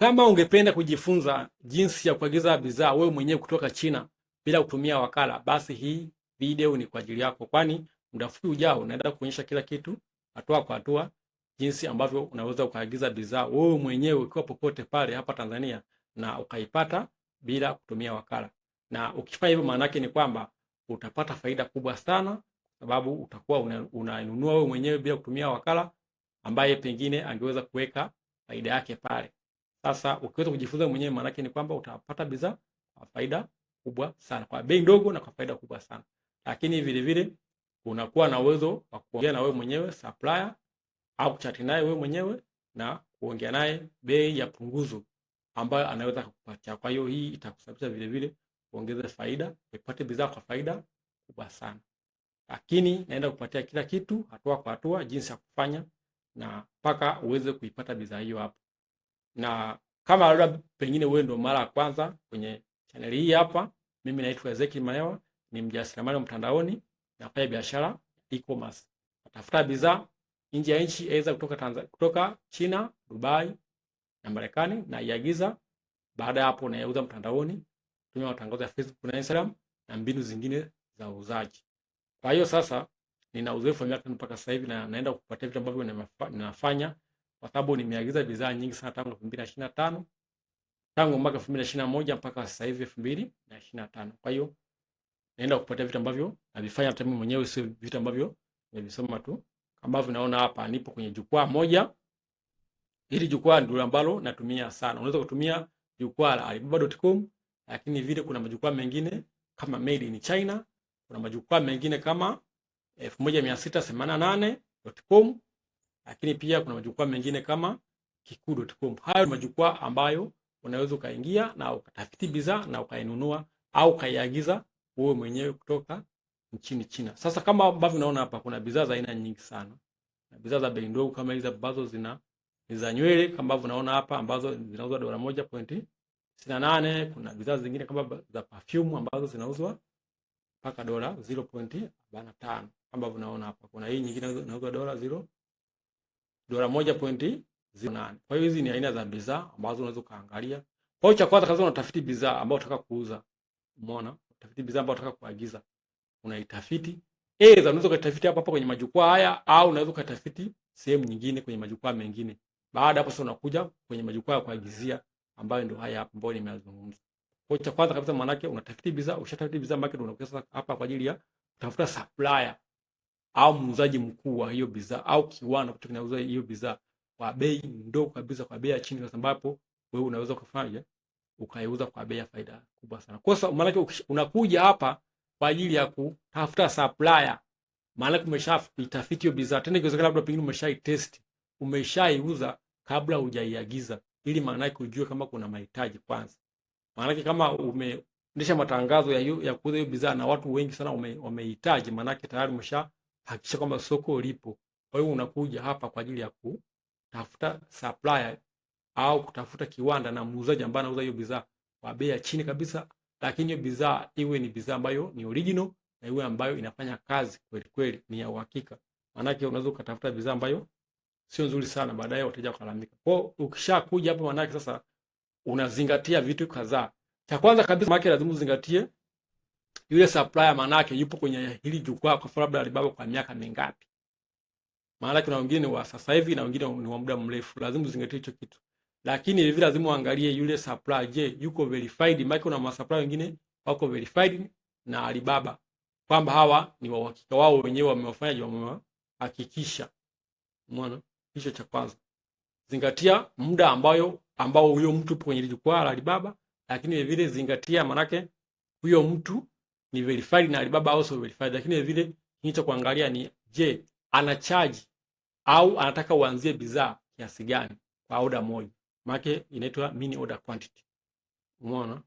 Kama ungependa kujifunza jinsi ya kuagiza bidhaa wewe mwenyewe kutoka China bila kutumia wakala, basi hii video ni kwa ajili yako, kwani muda mfupi ujao naenda kuonyesha kila kitu hatua kwa hatua, jinsi ambavyo unaweza ukaagiza bidhaa wewe mwenyewe ukiwa popote pale hapa Tanzania na ukaipata bila kutumia wakala. Na ukifanya hivyo, maana yake ni kwamba utapata faida kubwa sana, sababu utakuwa unanunua wewe mwenyewe bila kutumia wakala, ambaye pengine angeweza kuweka faida yake pale. Sasa ukiweza kujifunza mwenyewe, maana yake ni kwamba utapata bidhaa kwa faida kubwa sana, kwa bei ndogo na kwa faida kubwa sana. Lakini vile vile unakuwa na uwezo wa kuongea na wewe mwenyewe supplier au kuchati naye wewe mwenyewe na kuongea naye bei ya punguzo ambayo anaweza kukupatia. Kwa hiyo hii itakusababisha vile vile uongeze faida, upate bidhaa kwa faida kubwa sana. Lakini naenda kupatia kila kitu hatua kwa hatua, jinsi ya kufanya na mpaka uweze kuipata bidhaa hiyo hapo na kama labda pengine wewe ndio mara ya kwanza kwenye channel hii hapa, mimi naitwa Ezekiel Mahewa, ni mjasiriamali wa mtandaoni, nafanya biashara e-commerce. Natafuta bidhaa nje ya nchi, aidha kutoka Tanzania, kutoka China, Dubai na Marekani, na iagiza. Baada ya hapo, naiuza mtandaoni, tumia matangazo ya Facebook na Instagram na mbinu zingine za uuzaji. Kwa hiyo sasa nina uzoefu wa miaka mpaka sasa hivi na naenda kupatia vitu ambavyo ninafanya kwa sababu nimeagiza bidhaa nyingi sana tangu 2025 tangu mwaka 2021 mpaka sasa hivi 2025. Kwa hiyo naenda kupata vitu ambavyo navifanya hata mimi mwenyewe, sio vitu ambavyo nimevisoma tu. ambavyo naona hapa, nipo kwenye jukwaa moja. Hili jukwaa ndio ambalo natumia sana. Unaweza kutumia jukwaa la Alibaba.com, lakini vile kuna majukwaa mengine kama Made in China, kuna majukwaa mengine kama 1688.com lakini pia kuna majukwaa mengine kama Kiku.com. Hayo ni majukwaa ambayo unaweza ukaingia na ukatafiti bidhaa na ukainunua au ukaiagiza wewe mwenyewe kutoka nchini China. Sasa kama ambavyo unaona hapa, kuna bidhaa za aina nyingi sana na bidhaa za bei ndogo kama hizi ambazo zina ni za nywele kama ambavyo unaona hapa ambazo zinauzwa dola moja pointi sitini na nane. Kuna bidhaa zingine kama za perfume ambazo zinauzwa mpaka dola 0.45 kama ambavyo unaona hapa. Kuna hii nyingine inauzwa dola dola moja pointi zero nane. Kwa hiyo hizi ni aina za bidhaa ambazo unaweza kaangalia. Kwa hiyo cha kwanza kabisa unatafiti bidhaa ambayo unataka kuuza. Umeona? Utafiti bidhaa ambayo unataka kuagiza. Unaitafiti. Aidha unaweza kutafiti hapa hapa kwenye majukwaa haya au unaweza kutafiti sehemu nyingine kwenye majukwaa mengine. Baada hapo sasa unakuja kwenye majukwaa ya kuagizia ambayo ndio haya hapa ambayo nimeyazungumza. Kwa hiyo cha kwanza kabisa maana yake unatafiti bidhaa, ushatafiti bidhaa market unakuja sasa hapa kwa ajili ya kutafuta supplier au muuzaji mkuu wa hiyo bidhaa au kiwanda kutoka kinauza hiyo bidhaa kwa bei ndogo kabisa, kwa bei ya chini, kwa sababu wewe unaweza kufanya ukaiuza kwa bei ya faida kubwa sana. Kwa sababu maana unakuja hapa kwa ajili ya kutafuta supplier, maana umeshaitafiti hiyo bidhaa, tena ikiwezekana labda pengine umeshaitest, umeshaiuza kabla hujaiagiza, ili maana yake ujue kama kuna mahitaji kwanza. Maana kama umeendesha matangazo ya, ya kuuza hiyo bidhaa na watu wengi sana wamehitaji, maana yake tayari umesha hakikisha kwamba soko lipo. Kwa hiyo unakuja hapa kwa ajili ya kutafuta supplier au kutafuta kiwanda na muuzaji ambaye anauza hiyo bidhaa kwa bei ya chini kabisa, lakini hiyo bidhaa iwe ni bidhaa ambayo ni original na iwe ambayo inafanya kazi kweli kweli, ni ya uhakika. Maanake unaweza ukatafuta bidhaa ambayo sio nzuri sana, baadaye wateja wakalalamika. hiyo ukishakuja hapa, maanake sasa unazingatia vitu kadhaa. Cha kwanza kabisa, maanake lazima uzingatie yule supplier manake yupo kwenye hili jukwaa kwa sababu labda Alibaba kwa miaka mingapi. Maana kuna wengine wa sasa hivi na wengine ni wa muda mrefu, lazima uzingatie hicho kitu. Lakini hivi lazima uangalie yule supplier, je, yuko verified? Maana kuna ma supplier wengine wako verified na Alibaba kwamba hawa ni wa uhakika wao wenyewe wamewafanya jambo wa hakikisha. Umeona? Hicho cha kwanza. Zingatia muda ambayo ambao huyo mtu yupo kwenye jukwaa la Alibaba, lakini vile vile zingatia manake huyo mtu ni verified na Alibaba also verified, lakini vile nicho kuangalia ni je, ana charge au anataka uanzie bidhaa kiasi gani kwa order moja, maana inaitwa mini order quantity. Umeona?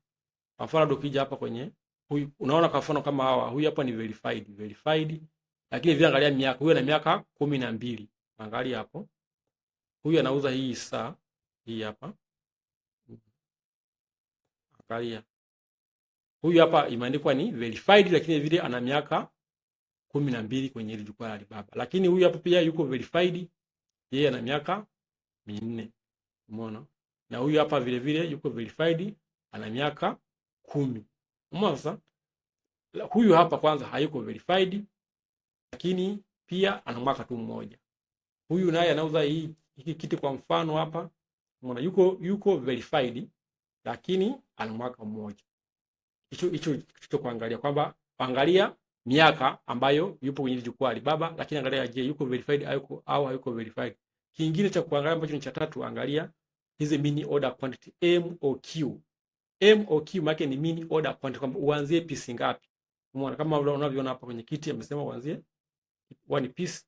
Kwa mfano ukija hapa kwenye huyu, unaona kwa mfano kama hawa, huyu hapa ni verified verified, lakini vile angalia miaka, huyu ana miaka kumi na mbili. Angalia hapo, huyu anauza hii saa hii hapa, angalia Huyu hapa imeandikwa ni verified, lakini vile ana miaka kumi na mbili kwenye ile jukwaa la Alibaba. Lakini huyu hapa pia yuko verified, yeye ana miaka minne. Umeona? Na huyu hapa vile vile yuko verified, ana miaka kumi. Umeona sasa? Huyu hapa kwanza hayuko verified, lakini pia ana mwaka tu mmoja. Huyu naye anauza hii hiki kiti kwa mfano hapa. Umeona? Yuko yuko verified, lakini ana mwaka mmoja hicho hicho kitu kuangalia kwamba angalia miaka ambayo yupo kwenye jukwaa Alibaba, lakini angalia, je, yuko verified au au hayuko verified. Kingine cha kuangalia ambacho ni cha tatu, angalia hizi mini order quantity MOQ. MOQ maana ni mini order quantity, kwamba uanzie piece ngapi. Umeona kama unavyoona hapa kwenye kiti amesema uanzie one piece,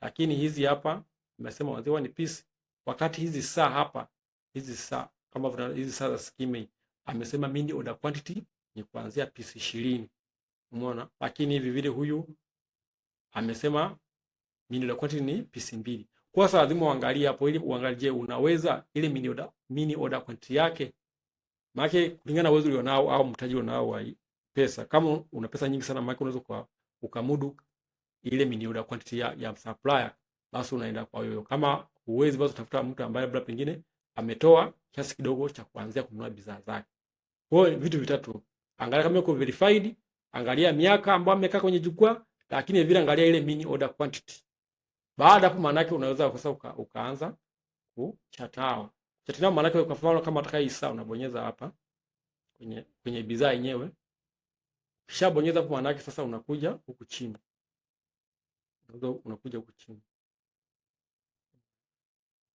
lakini hizi hapa amesema uanzie one piece, wakati hizi saa hapa hizi saa kama hizi saa za skimei amesema mini order quantity ni kuanzia pisi ishirini. Umeona? Lakini hivi vile huyu amesema mini order quantity ni pisi mbili. Kwa sababu lazima uangalie hapo ili uangalie unaweza ile mini order, mini order quantity yake. Maana kulingana na uwezo ulionao au mtaji unao wa pesa. Kama una pesa nyingi sana maana unaweza kwa ukamudu ile mini order quantity ya, ya supplier basi unaenda kwa yoyo. Kama huwezi basi utafuta mtu ambaye labda pengine ametoa kiasi kidogo cha kuanzia kununua bidhaa zake. Kwa hiyo vitu vitatu Angalia kama uko verified, angalia miaka ambayo amekaa kwenye jukwaa, lakini vile angalia ile mini order quantity. Baada hapo, maana yake unaweza sasa uka, ukaanza kuchatao chatao, maana yake kwa mfano kama utakaye hisa unabonyeza hapa kwenye kwenye bidhaa yenyewe. Kisha bonyeza hapo, maana yake sasa unakuja huku chini. Ndio unakuja huku chini.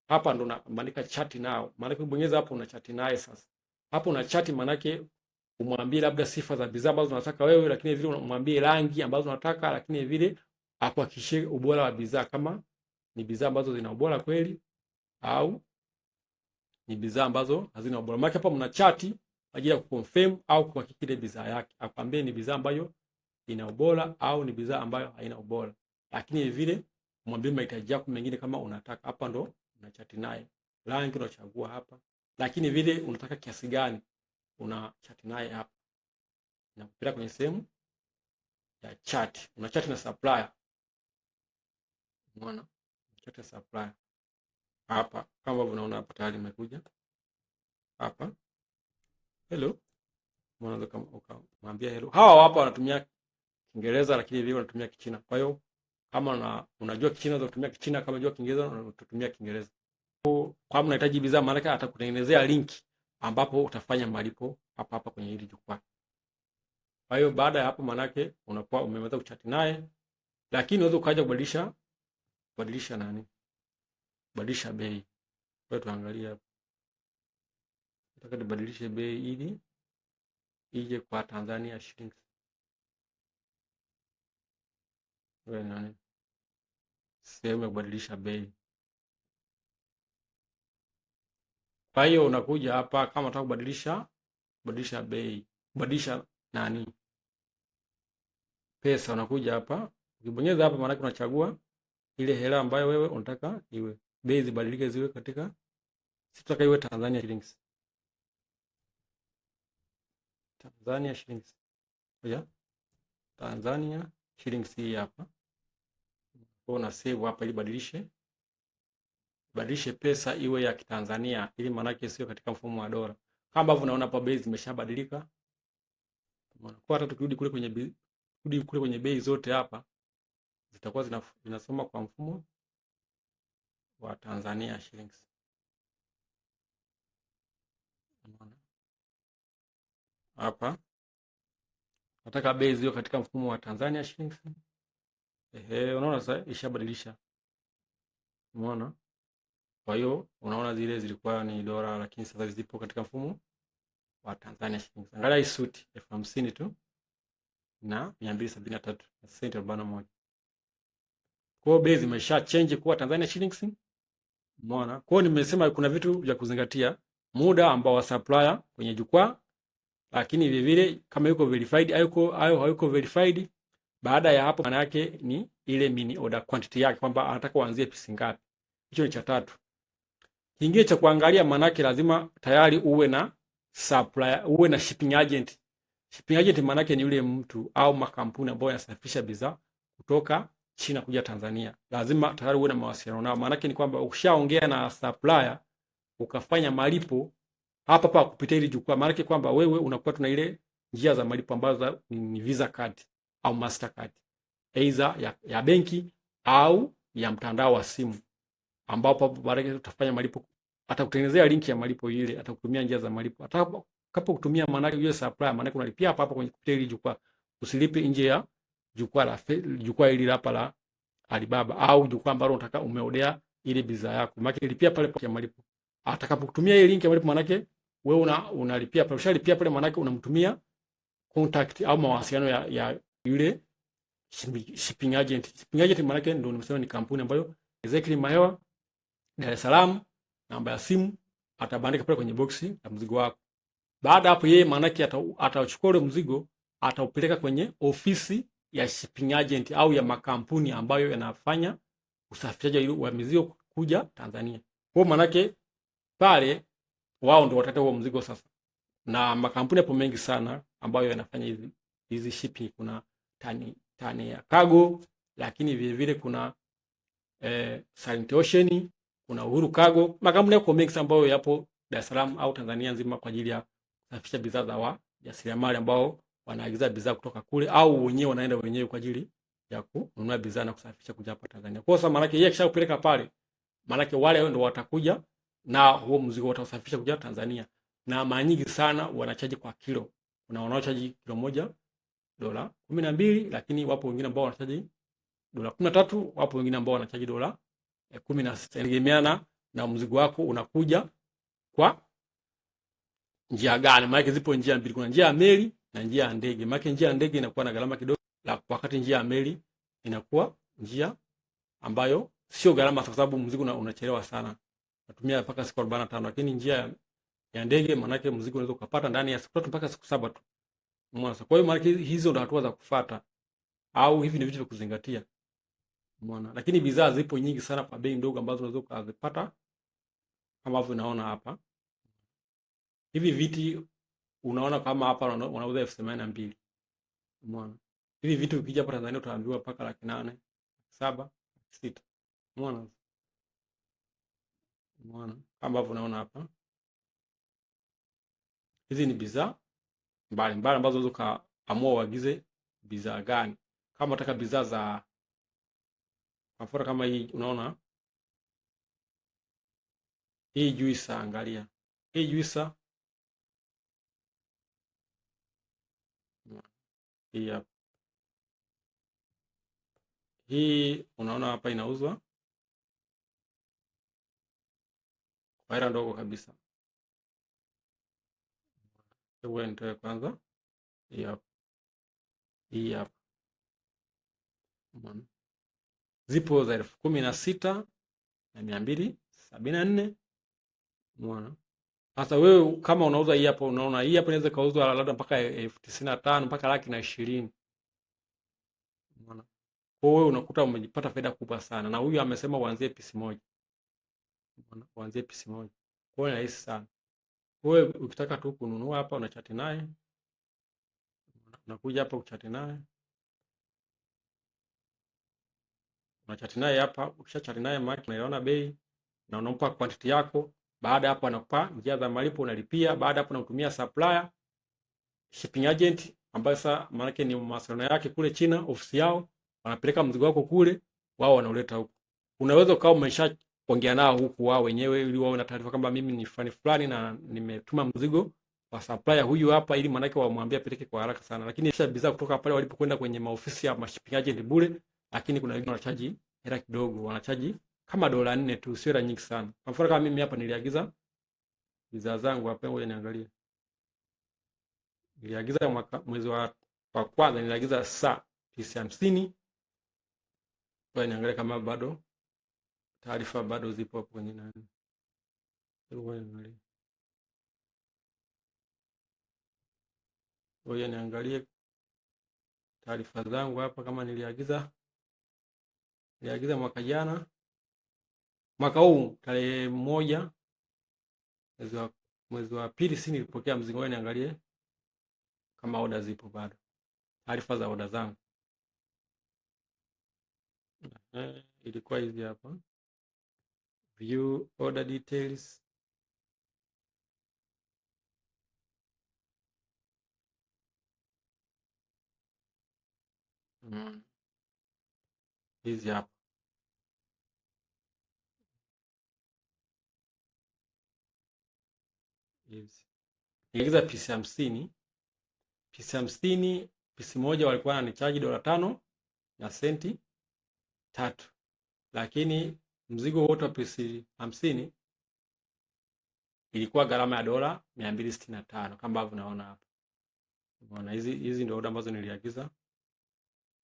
Hapa ndo unaandika chat nao. Maana yake bonyeza hapo, una chat naye sasa. Hapo una chat maana yake umwambie labda sifa za bidhaa ambazo unataka wewe, lakini vile umwambie rangi ambazo unataka, lakini vile akuhakikishie ubora wa bidhaa, kama ni bidhaa ambazo zina ubora kweli au ni bidhaa ambazo hazina ubora. Maana hapa mna chati kwa ajili ya kuconfirm au kuhakiki ile bidhaa yake, akwambie ni bidhaa ambayo ina ubora au ni bidhaa ambayo haina ubora, lakini vile mwambie mahitaji yako mengine kama unataka. Hapa ndo chati naye, rangi unachagua hapa, lakini vile unataka kiasi gani una chat naye hapa, inakupeleka kwenye sehemu ya chat. Una chat na supplier, unaona chat na supplier hapa, kama ambavyo unaona hapa tayari imekuja hapa. Hello, unaweza kumwambia hello. Hawa hapa wanatumia Kiingereza lakini vile wanatumia Kichina. Kwa hiyo kama una, unajua Kichina unaweza kutumia Kichina, kama unajua Kiingereza unatumia Kiingereza. Kwa kama unahitaji bidhaa, maana atakutengenezea linki ambapo utafanya malipo hapa hapa kwenye hili jukwaa. Kwa hiyo baada ya hapo, manake unakuwa umemaliza kuchati naye, lakini unaweza ukaja kubadilisha kubadilisha nani, kubadilisha bei. Kwa tuangalia, nataka tubadilishe bei ili ije kwa Tanzania shilingi sehemu ya kubadilisha bei. Kwa hiyo unakuja hapa kama unataka kubadilisha kubadilisha bei, kubadilisha nani pesa, unakuja hapa, ukibonyeza hapa, maana unachagua ile hela ambayo wewe unataka iwe bei zibadilike ziwe katika, sitaka iwe Tanzania shillings, Tanzania shillings Oya. Tanzania shillings hii hapa, kwa una save hapa ili badilishe tubadilishe pesa iwe ya Kitanzania ili maanake sio katika mfumo wa dola. Kama ambavyo unaona hapa bei zimeshabadilika. Unaona, kwa hata tukirudi kule kwenye kurudi kule kwenye bei zote hapa zitakuwa zinasoma kwa mfumo wa Tanzania shillings. Unaona? Hapa nataka bei ziwe katika mfumo wa Tanzania shillings. Ehe, unaona sasa ishabadilisha. Umeona? Kwa hiyo unaona zile zilikuwa ni dola, lakini sasa zipo katika mfumo wa Tanzania shilingi. Angalia hii suti elfu hamsini tu na mia mbili sabini na tatu na senti arobaini na moja. Kwa hiyo bei zimesha change kuwa Tanzania shilingi. Umeona? Kwa hiyo nimesema kuna vitu vya kuzingatia, muda ambao wa supplier kwenye jukwaa, lakini vile vile kama yuko verified hayuko hayo hayuko verified. Baada ya hapo, maana yake ni ile mini order quantity yake kwamba anataka uanzie pisi ngapi. Hicho ni cha tatu. Kingine cha kuangalia, manake lazima tayari uwe na supply, uwe na shipping agent. Shipping agent manake ni yule mtu au makampuni ambayo yanasafirisha bidhaa kutoka China kuja Tanzania, lazima tayari uwe na mawasiliano nao. Manake ni kwamba ukishaongea na supplier ukafanya malipo hapa hapa kupitia ile jukwaa, manake kwamba wewe unakuwa tuna ile njia za malipo ambazo ni Visa card au Mastercard, aidha ya, ya benki au ya mtandao wa simu ambapo baadaye utafanya malipo, atakutengenezea linki ya malipo ile, atakutumia njia za malipo, atakapokutumia maana yule supplier, maana yake unalipia hapa hapo kwenye kupitia ile jukwaa, usilipe nje ya jukwaa la jukwaa hili hapa la Alibaba au jukwaa ambalo unataka umeodea ile bidhaa yako, maana yake lipia pale kwa malipo. Atakapokutumia ile linki ya malipo, maana yake wewe una unalipia pale, ushalipia pale, maana yake unamtumia contact au mawasiliano ya, ya yule shipping agent. Shipping agent maana yake ndio nimesema ni kampuni ambayo exactly Mahewa Dar es Salaam, namba ya simu atabandika pale kwenye boksi la mzigo wako. Baada hapo, yeye maanake atachukua ule mzigo ataupeleka kwenye ofisi ya shipping agent au ya makampuni ambayo yanafanya usafirishaji wa mizigo kuja Tanzania. Kwa hiyo maanake pale wao ndio wataleta huo mzigo sasa, na makampuni yapo mengi sana ambayo yanafanya hizi hizi shipping. Kuna tani tani ya cargo, lakini vile vile kuna eh, Silent Ocean kuna Uhuru Cargo, makampuni yako mengi ambayo yapo Dar es Salaam au Tanzania nzima kwa ajili ya kusafisha bidhaa za wajasiriamali ambao wanaagiza bidhaa kutoka kule au wenyewe wanaenda wenyewe kwa ajili ya kununua bidhaa na kusafisha kuja hapa Tanzania. Kwa sababu maana yake yeye akishapeleka pale, maana yake wale ndio watakuja na huo mzigo watausafisha kuja Tanzania. Na mara nyingi sana wanachaji kwa kilo. Kuna wanaochaji kilo moja dola 12 lakini wapo wengine ambao wanachaji dola 13 wapo wengine ambao wanachaji dola kumi na sita inategemeana na mzigo wako unakuja kwa njia gani. Maana zipo njia mbili, kuna njia ya meli na njia ya ndege. Maana njia ya ndege inakuwa na gharama kidogo, la wakati njia ya meli inakuwa njia ambayo sio gharama, kwa sababu mzigo unachelewa sana, natumia mpaka siku 45, lakini njia ya ndege maana yake mzigo unaweza kupata ndani ya siku tatu mpaka siku saba tu. Kwa hiyo maana hizo ndo hatua za kufuata, au hivi ni vitu vya kuzingatia. Umeona? Lakini bidhaa zipo nyingi sana kwa bei ndogo ambazo unaweza ukazipata ambavyo unaona hapa. Hivi viti unaona kama hapa wanauza elfu themanini na mbili. Umeona? Hivi vitu ukija hapa Tanzania utaambiwa paka laki nane, laki saba, laki sita. Umeona? Umeona? Kama unaona hapa. Hizi ni bidhaa mbalimbali ambazo unaweza ukaamua uagize bidhaa gani. Kama unataka bidhaa za Mafuta kama hii, unaona hii juisa, angalia hii juisa hii hapa, hii unaona hapa inauzwa kwa hela ndogo kabisa. Hebu nitoe kwanza hii hapa, hii hapa, umeona zipo za elfu kumi na sita na mia mbili sabini na nne mwana Sasa wewe kama unauza hii hapo, unaona hii hapo inaweza kauzwa labda mpaka elfu tisini na tano mpaka laki na ishirini umeona. Kwa hiyo unakuta umejipata faida kubwa sana, na huyu amesema uanzie pisi moja, umeona, uanzie pisi moja. Kwa hiyo ni rahisi sana. Wewe ukitaka tu kununua hapa, unachati naye, unakuja hapa kuchati naye. una unachati naye hapa. Ukisha Ukishachati naye maana unaelewana bei na unampa quantity yako. Baada hapo anakupa njia za malipo, unalipia. Baada hapo unatumia supplier, shipping agent ambaye sasa maana yake ni mawasiliano yake kule China, ofisi yao, wanapeleka mzigo wako kule, wao wanauleta huko. Unaweza ukawa umesha kuongea nao huku wao wenyewe, ili wao na taarifa kwamba mimi ni fulani fulani na nimetuma mzigo kwa supplier huyu hapa, ili maanake wamwambie apeleke kwa haraka sana, lakini kisha bidhaa kutoka pale walipokwenda kwenye maofisi ya shipping agent bure lakini kuna wengine wanachaji hela kidogo, wanachaji kama dola nne tu, sio hela nyingi sana. Kwa mfano kama mimi hapa niliagiza bidhaa zangu hapa, ngoja niangalie, niliagiza mwaka mwezi wa kwa kwanza niliagiza saa pisi hamsini. Ngoja niangalie kama bado taarifa bado zipo hapo kwenye nani, ngoja niangalie, ngoja niangalie taarifa zangu hapa kama niliagiza niliagiza mwaka jana, mwaka huu tarehe moja mwezi wa mwezi wa pili, si nilipokea mzigo wangu, niangalie kama oda zipo bado, taarifa za oda zangu. Eh, ilikuwa hizi hapa, view order details mm. Hizi hapa. Niliagiza pisi hamsini. Pisi hamsini, pisi moja walikuwa wananichaji dola tano na senti tatu, lakini mzigo wote wa pisi hamsini ilikuwa gharama ya dola mia mbili sitini na tano kama ambavyo unaona hapa. Unaona hizi hizi ndio oda ambazo niliagiza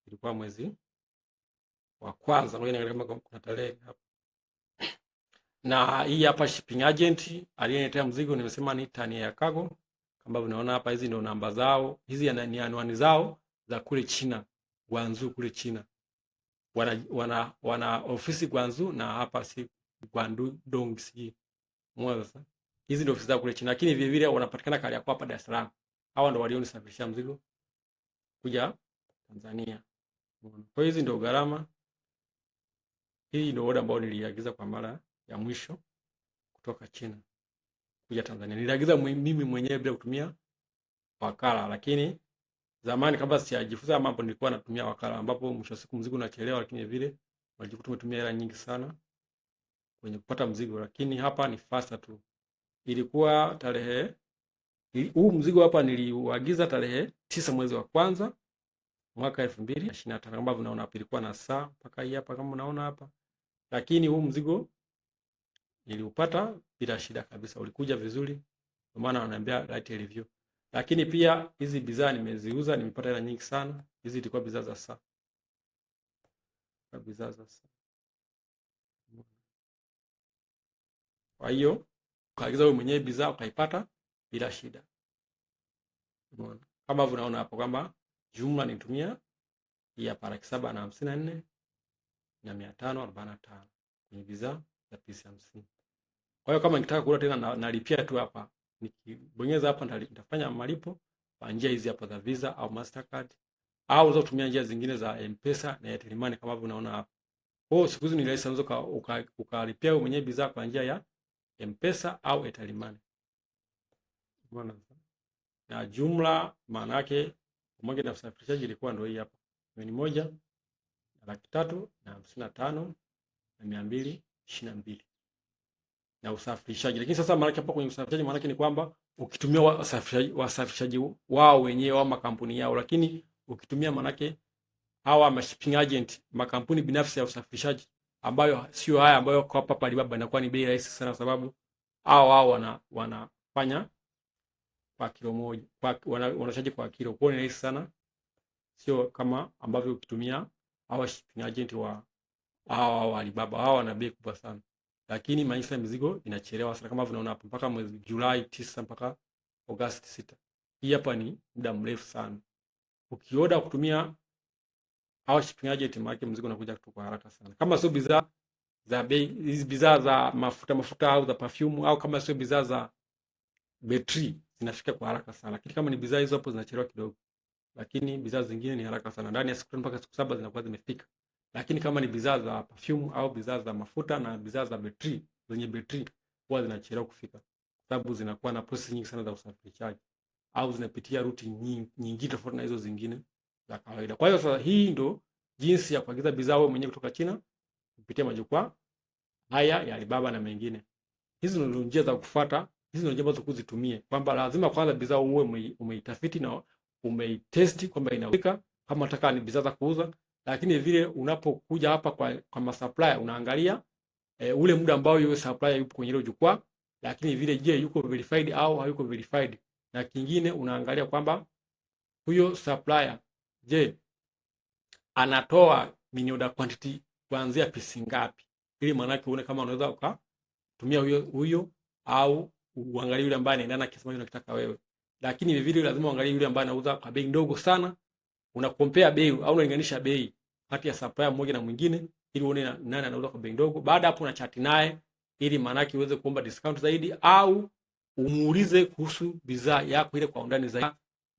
ilikuwa mwezi wa kwanza. Kama kuna tarehe hapa na hii hapa shipping agent aliyeniletea mzigo nimesema ni Tania Cargo, kama unaona hapa. Hizi ndio namba zao, hizi ni anwani zao za kule China, Guangzhou kule China. Wana, wana, wana ofisi Guangzhou na hapa si Guangdong si mwanza. Hizi ndio ofisi zao kule China, lakini vile vile wanapatikana kali yako hapa Dar es Salaam. Hawa ndio walionisafirisha mzigo kuja Tanzania. Kwa hizi ndio gharama hii ndio oda ambayo niliagiza kwa mara ya mwisho kutoka China kuja Tanzania. Niliagiza mimi mwenyewe bila kutumia wakala, lakini zamani kabla sijajifunza mambo nilikuwa natumia wakala, ambapo mwisho siku mzigo unachelewa, lakini vile walijikuta umetumia hela nyingi sana kwenye kupata mzigo, lakini hapa ni faster tu. Ilikuwa tarehe huu mzigo hapa niliuagiza tarehe tisa mwezi wa kwanza mwaka elfu mbili na ishirini na tano kama unaona hapa, ilikuwa na saa mpaka hii hapa, kama unaona hapa lakini huu mzigo niliupata bila shida kabisa, ulikuja vizuri, kwa maana wananiambia right review. Lakini pia hizi bidhaa nimeziuza, nimepata hela nyingi sana. Hizi zilikuwa bidhaa za saa, bidhaa za saa. Kwa hiyo ukaagiza wewe mwenyewe bidhaa ukaipata bila shida, umeona kama unaona hapo kwamba jumla nitumia ya paraki saba na hamsini na nne na mia tano arobaini na tano kwenye bidhaa za pisi hamsini. Kwa hiyo kama nikitaka kurudi tena nalipia tu hapa, nikibonyeza hapa nitafanya malipo kwa njia hizi hapa za Visa au Mastercard au unaweza kutumia njia zingine za M-Pesa na Airtel Money kama hivyo unaona hapa. Kwa hiyo siku hizi ni rahisi unaweza ukalipia wewe mwenyewe bidhaa kwa njia ya M-Pesa au Airtel Money. Umeona? Na jumla maana yake pamoja na usafirishaji ilikuwa ndio hii hapa. Ni moja laki tatu na hamsini na tano na mia mbili ishirini na mbili na usafirishaji. Lakini sasa maanake hapo kwenye usafirishaji, maanake ni kwamba ukitumia wasafirishaji wasafirishaji wao wenyewe au makampuni yao, lakini ukitumia maanake hawa ma shipping agent, makampuni binafsi ya usafirishaji ambayo sio haya ambayo kwa hapa Alibaba, inakuwa ni bei rahisi sana, sababu hao hao wana wanafanya kwa kilo moja, kwa wanashaji kwa kilo, kwa ni rahisi sana, sio kama ambavyo ukitumia hawa shipping agent wa hawa wa Alibaba hawa wana bei kubwa sana, lakini maisha ya mizigo inachelewa sana, kama vinaona hapo mpaka mwezi Julai tisa mpaka Agosti sita. Hii hapa ni muda mrefu sana. Ukioda kutumia hawa shipping agent, maana mzigo unakuja tu kwa haraka sana, kama sio bidhaa za bei hizi bidhaa za mafuta mafuta au za perfume au kama sio bidhaa za betri zinafika kwa haraka sana, lakini kama ni bidhaa hizo hapo zinachelewa kidogo lakini bidhaa zingine ni haraka sana, ndani ya siku mpaka siku saba zinakuwa zimefika. Lakini kama ni bidhaa za perfume au bidhaa za mafuta na bidhaa za betri zenye betri huwa zinachelewa kufika, sababu zinakuwa na process nyingi sana za usafirishaji au zinapitia ruti nyingi tofauti na hizo zingine za kawaida. Kwa hiyo sasa, hii ndo jinsi ya kuagiza bidhaa wewe mwenyewe kutoka China kupitia majukwaa haya ya Alibaba na mengine. Hizi ndo njia za kufuata, hizi ndo njia ambazo kuzitumie, kwamba lazima kwanza bidhaa uwe umeitafiti na umeitesti kwamba inaweka kama unataka ni bidhaa za kuuza, lakini vile unapokuja hapa kwa, kwa masupplier unaangalia e, ule muda ambao yule supplier yupo kwenye ile jukwaa, lakini vile, je, yuko verified au hayuko verified, na kingine unaangalia kwamba huyo supplier je, anatoa mini order quantity kuanzia pisi ngapi, ili maanake uone kama unaweza ukatumia huyo huyo au uangalie yule ambaye anaendana kiasi unachotaka wewe lakini vile vile lazima uangalie yule ambaye anauza kwa bei ndogo sana. Una compare bei au unalinganisha bei kati ya supplier mmoja na mwingine, ili uone nani anauza kwa bei ndogo. Baada hapo, una chat naye ili maanake uweze kuomba discount zaidi, au umuulize kuhusu bidhaa yako ile kwa undani zaidi.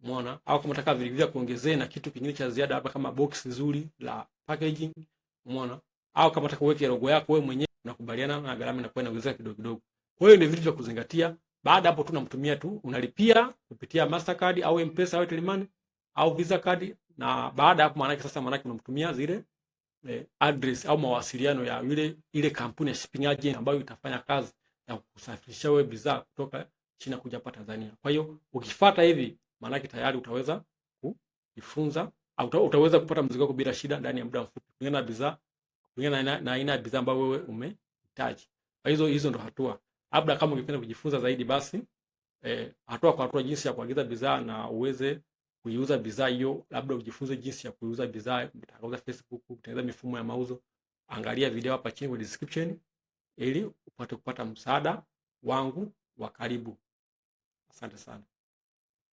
Umeona? Au kama unataka vile vile kuongezea na kitu kingine cha ziada, hapa kama box nzuri la packaging, umeona? Au kama unataka uweke logo yako wewe mwenyewe, unakubaliana na gharama inakuwa inaongezeka kidogo kidogo. Kwa hiyo ni vitu vya kuzingatia. Baada hapo tunamtumia tu, unalipia kupitia Mastercard au Mpesa au Airtel au Visa card, na baada hapo maana sasa, maana unamtumia zile eh, address au mawasiliano ya ile ile kampuni ya shipping agent ambayo itafanya kazi ya kusafirisha wewe bidhaa kutoka China kuja hapa Tanzania. Kwa hiyo ukifuata hivi, maana tayari utaweza kujifunza au utaweza kupata mzigo wako bila shida ndani ya muda mfupi, kulingana na bidhaa, kulingana na aina ya bidhaa ambayo wewe umehitaji. Kwa Hizo hizo ndo hatua Labda kama ungependa kujifunza zaidi, basi eh, hatua kwa hatua jinsi ya kuagiza bidhaa na uweze kuiuza bidhaa hiyo. Labda ujifunze jinsi ya kuiuza bidhaa, mtangaza Facebook, kutengeneza mifumo ya mauzo. Angalia video hapa chini kwa description ili upate kupata msaada wangu wa karibu. Asante sana.